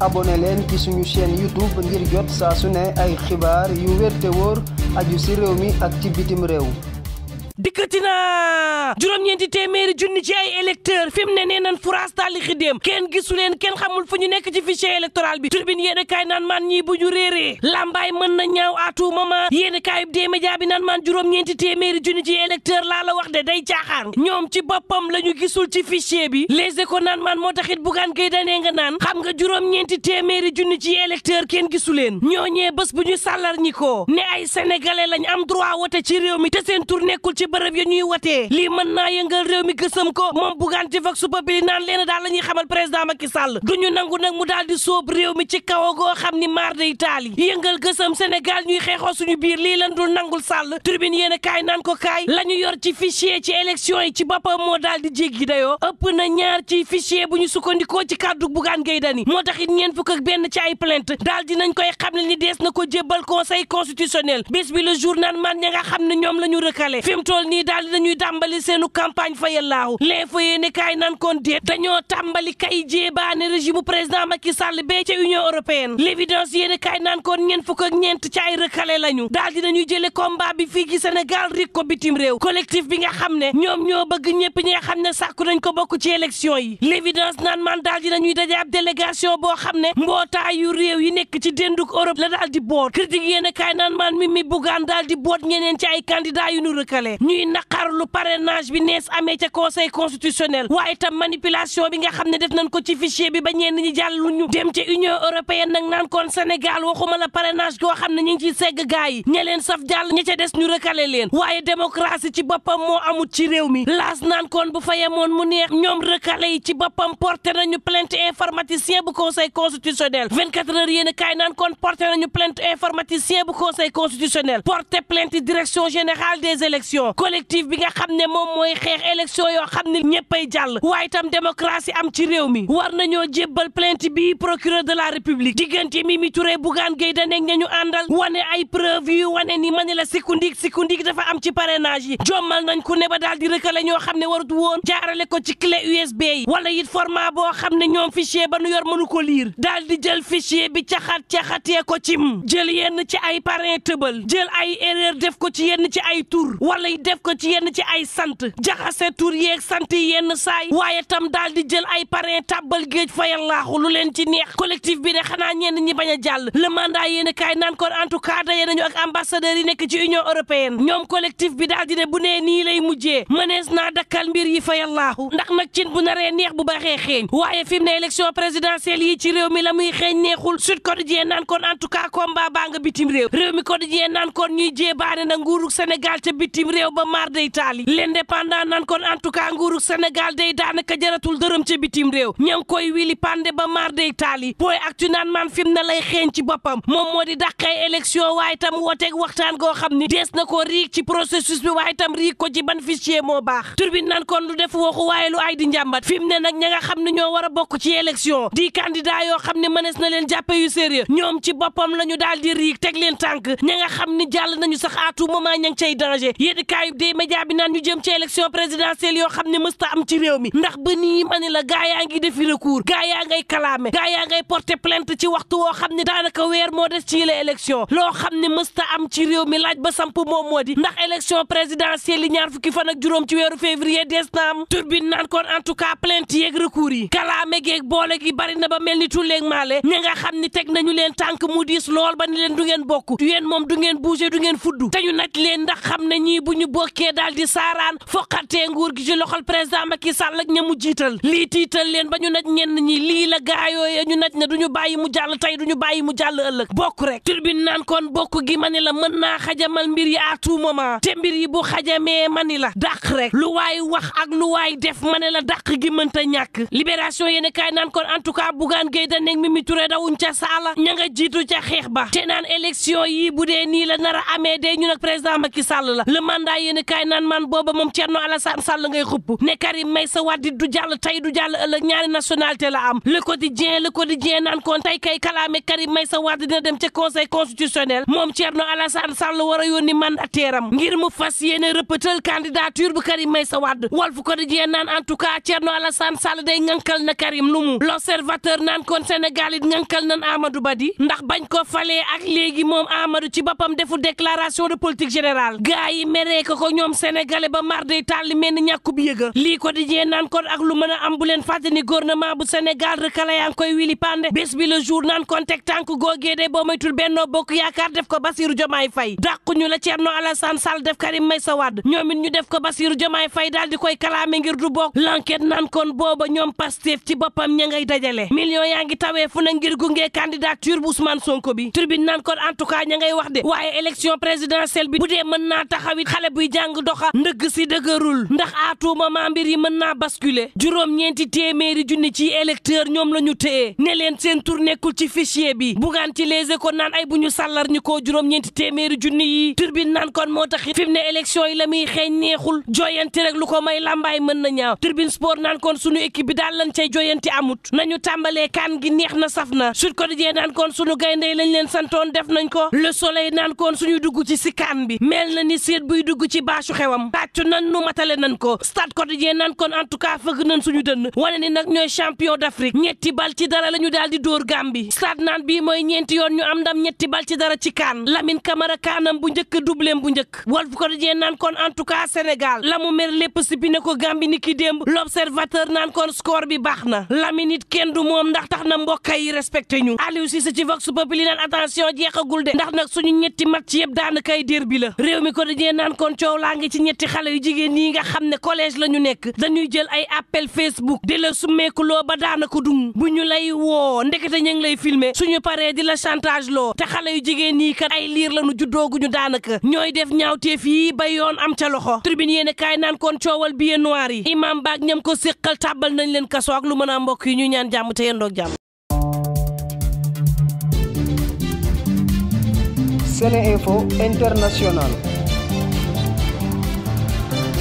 abone leen ci suñu chaîne YouTube ngir jot saa su ne ay xibaar yu wér woor wóor ci réew mi ak ci bitim réew dikkati na juróom-ñeenti teemeeri junni ci ay électeur fi mu ne nee nan furaas tàlli xidéem kenn gisu leen kenn xamul fu ñu nekk ci fichier électoral bi turbine yéen kaay naan maan ñii bu ñu réeree lambaay mën na ñaaw aatu mama yéen kaay dee média bi naan maan juróom-ñeenti téeméeri junni ci électeur laa la wax de day caaxaan ñoom ci boppam la ñu gisul ci fichier bi les ko naan man moo taxit bugaan gay danee nga naan xam nga juróom-ñeenti téeméeri junni ci électeur kenn gisuleen leen ñooñee bés bu ñu sàllar ñi ko ne ay sénégalais lañ am droit wote ci réew mi te seen tur nekkul ci bërëb ya ñuy watee lii mën naa yëngal réew mi gësam ko moom buggaan ci vox populi naan leen daal la ñuy xamal président Macky Sall duñu nangu nag mu daal di sóob réew mi ci kaw goo xam ni maar day taali yëngal gësam Sénégal ñuy xeexoo suñu biir lii lan dul nangul Sall tribune yéen a kaay naan ko kaay la ñu yor ci fichier ci élection yi ci boppam moo daal di jéggi dayoo ëpp na ñaar ci fichier bu ñu sukkandikoo ci kàddu buggaan gay dani moo taxit ñeen fukk benn ci ay plainte daal nañ koy xam ne ni dees na ko jébbal conseil constitutionnel bés bi le jour naan man ña nga xam ne ñoom la ñu toll nii daal dinañuy tàmbali seenu campagne fayal laahu l'info yéene kaay nan kon déet dañoo tàmbali kay jéebaane régime président Macky Sall bee ca Union européenne l'évidence yéene kaay nan kon ñeent fukk ak ñeent ci ay rëkkale lañu daal dinañuy jële combat bi fii ci Sénégal rik ko bitim réew collectif bi nga xam ne ñoom ñoo bëgg ñëpp ñi nga xam ne sàkku nañ ko bokk ci élection yi l'évidence naan man daal dinañuy daje ab délégation boo xam ne mbootaayu réew yi nekk ci dénduk Europe la daal di boot critique yéene kaay naan man mi mi bugaan daal di boot ñeneen ci ay candidat yu nu rëkkale ñuy naqar lu parrainage bi nees amee ca conseil constitutionnel waaye tam manipulation bi nga xam ne def nañ ko ci fichier bi ba ñu ñi jàlluñu dem ca union européenne nag naan kon Sénégal waxuma la parrainage goo xam ne ñu ngi ciy segg gaa yi ña leen saf jàll ña ca des ñu rëkkale leen waaye démocratie ci boppam moo amut ci réew mi laas naan kon bu fa moon mu neex ñoom rëkkale yi ci boppam porté nañu plainte informaticien bu conseil constitutionnel 24 heures yéen a kaay naan kon porté nañu plainte informaticien bu conseil constitutionnel porté plainte direction générale des élections collectif bi nga xam ne moom mooy xeex élection yoo xam ne ñëppay jàll waaye itam démocratie am ci réew mi war nañoo jébbal plainte bi procureur de la république diggante Mimi Touré Bougane Gueye Dany ñu àndal wane ay preuve yu wane ni ma ne la sikundik sikundik dafa am ci parrainage yi jommal nañ ku ne ba daal di ñoo xam ne warut woon jaarale ko ci clé USB yi wala it format boo xam ne ñoom fichier ba nu yor mënu ko liir daal di jël fichier bi caxat caxatee ko cim jël yenn ci ay parrain tëbal jël ay def ko ci yenn ci ay tur wala def ko ci yenn ci ay sant jaxase tur yeeg sant yi yenn saay waaye tam daal di jël ay parrain tàbbal géej fayal laaxu lu leen ci neex collectif bi de xanaa ñenn ñi bañ a jàll le mandat yéen kaay naan kon en tout cas daye nañu ak yi nekk ci union européenne ñoom collectif bi daal ne bu nee nii lay mujjee mënees naa dakkal mbir yi fayal laaxu ndax nag cin bu naree neex bu baaxee xeeñ waaye fi mu ne élection présidentielle yi ci réew mi la muy xeeñ neexul Sud Quotidien naan kon en tout cas combat baa nga bitim réew réew mi Quotidien naan réew ba maar day taali l'indépendant nan kon en tout cas nguuru Sénégal day daanaka jaratul dërëm ca bitim réew ña ngi koy wili pande ba maar day taali booy actu naan maan fi mu ne lay xeeñ ci boppam moom moo di dàqay élection waaye tam wooteeg waxtaan goo xam ni dees na ko riig ci processus bi waaye tam riig ko ci ban fichier moo baax turbine nan kon lu def waxu waaye lu ay di njàmbat fi mu ne nag ña xam ne ñoo war a bokk ci élection di candidat yoo xam ne mënees na leen jàppe yu ñoom ci boppam la ñu daal di riig teg leen tànk ña nga xam ni jàll nañu sax à tout moment ña ngi cay danger yéen ayib day média bi naan ñu jëm ci élection présidentielle yoo xam ne mësta am ci réew mi ndax ba ma ne la gaa ngi defi recours gaa ngay kalaame gaa ngay porter plainte ci waxtu woo xam ne daanaka weer moo des ci la élection loo xam ne mësta am ci réew mi laaj ba samp moom ndax élection présidentielle ñaar fukki fan juróom ci weeru février des na am naan kon en tout cas plainte yeeg recours yi kalaame geeg boole gi bari ba mel ni tulleeg bokkee daal di saaraan foqatee nguur gi ci loxol président Macky Sall ak ña mu jiital lii tiital leen ba ñu naj ñenn ñi lii la gaayooye ñu naj ne du ñu bàyyi mu jàll tey du ñu bàyyi mu jàll ëllëg bokk rek turbine naan kon bokk gi ma ni la mën naa xajamal mbir a à tout moment te mbir yi bu xajamee ma ni la dàq rek lu waay wax ak lu waay def ma ne la dàq gi mënta ñàkk libération yéen kaay naan kon en tout cas Bougane Gueye Dany mi Mimi Touré dawuñ ca saala ña nga jiitu ca xeex ba te naan élection yi bu dee nii la nar amee day ñu nag président Macky Sall la laay yéen kaay naan maan booba moom Thierno Alassane Sall ngay xupp ne Karim Meïssa Wade du jàll tey du jàll ëllëg ñaari nationalité la am le quotidien le quotidien naan kon tey kay kalaame Karim Meïssa Wade dina dem ca conseil constitutionnel moom Thierno Alassane Sall war a yónni mandataire am ngir mu fas yéene rëppatal candidature bu may Karim Meïssa Wade Walf Quotidien naan en tout cas Thierno Alassane Sall day ngankal na Karim lu mu l'observateur naan kon Sénégal it ngankal nan Amadou Badi ndax bañ ko falee ak léegi moom Amadou ci boppam defu déclaration de politique générale gaa yi lekk ko ñoom sénégalais ba mar day tàlli mel ni ñàkku bi yëga lii ko di jee naan ak lu mën a am bu leen fàtte ni gouvernement bu sénégal rëkkala yaa ngi koy wili pande bés bi le jour naan kon teg tànk googee de boo maytul bennoo bokk yaakaar def ko Bassirou Diomaye Faye dàqu ñu la Thierno Alassane Sall def Karim Meïssa Wade ñoom ñu def ko Bassirou Diomaye Faye daal di koy kalaame ngir du bokk l'enquête naan kon booba ñoom Pastef ci boppam ña ngay dajale millions yaa ngi tawee fu na ngir gungee candidature bu Ousmane Sonko bi tribune naan kon en tout cas ña ngay wax de waaye élection présidentielle bi bu bi jàng doxa ndëgg si dëgërul ndax aatuuma maa mbir yi mën naa basculer juróom-ñeenti téeméeri junni ci électeur ñoom la ñu téye ne leen seen tur nekkul ci fichier bi bugaan ci les écoles naan ay bu ñu sàllar ñu koo juróom-ñeenti téeméeri junni yi turbine nan kon moo tax fi ne élection yi la muy xeeñ neexul jooyanti rek lu ko may lambaay mën na ñaaw turbine sport naan kon sunu équipe bi daal lañ cay jooyanti amut nañu tàmbalee kaan gi neex na saf na sut quotidien naan kon sunu gayndey lañ leen santoon def nañ ko le soleil naan kon suñu si ci baasu xewam tàccu nan nu matale nan ko stade quotidien nan kon en tout cas fëgg nan suñu dënn wane ni nag ñooy champion d'Afrique ñetti bal ci dara la ñu daal di dóor Gambie stade naan bii mooy ñeenti yoon ñu am ndam ñetti bal ci dara ci kaan Lamine Camara kaanam bu njëkk dubleem bu njëkk Walf quotidien nan kon en tout cas Sénégal la mu mer lépp si bi ko Gambie ni ki démb l'observateur naan kon score bi baax na Lamine it kenn du moom ndax tax na mbokk yi respecté ñu Aliou Cissé ci vox populi naan attention jeexagul de ndax nag suñu ñetti match yëpp daanakay dér bi la réew mi quotidien naan coow laa ngi ci ñetti xale yu jigéen yi nga xam ne collège la ñu nekk dañuy jël ay appel Facebook di la summeeku loo ba daanaka dum bu ñu lay woo ndekete ñu ngi lay filme suñu paree di la chantage loo te xale yu jigéen yi kat ay liir la ñu juddooguñu daanaka ñooy def ñaaw ñaawteef fii ba yoon am ca loxo tribune yéen kaay naan kon coowal billet noir yi imam baak ñam ko séqal tàbbal nañ leen kaso ak lu mën a mbokk yi ñuy ñaan jàmm te yendoog jàmm SeneInfo